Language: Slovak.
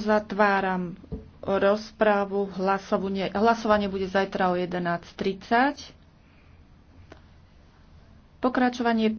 Uzatváram rozprávu. Hlasovanie, hlasovanie bude zajtra o 11.30. Pokračovanie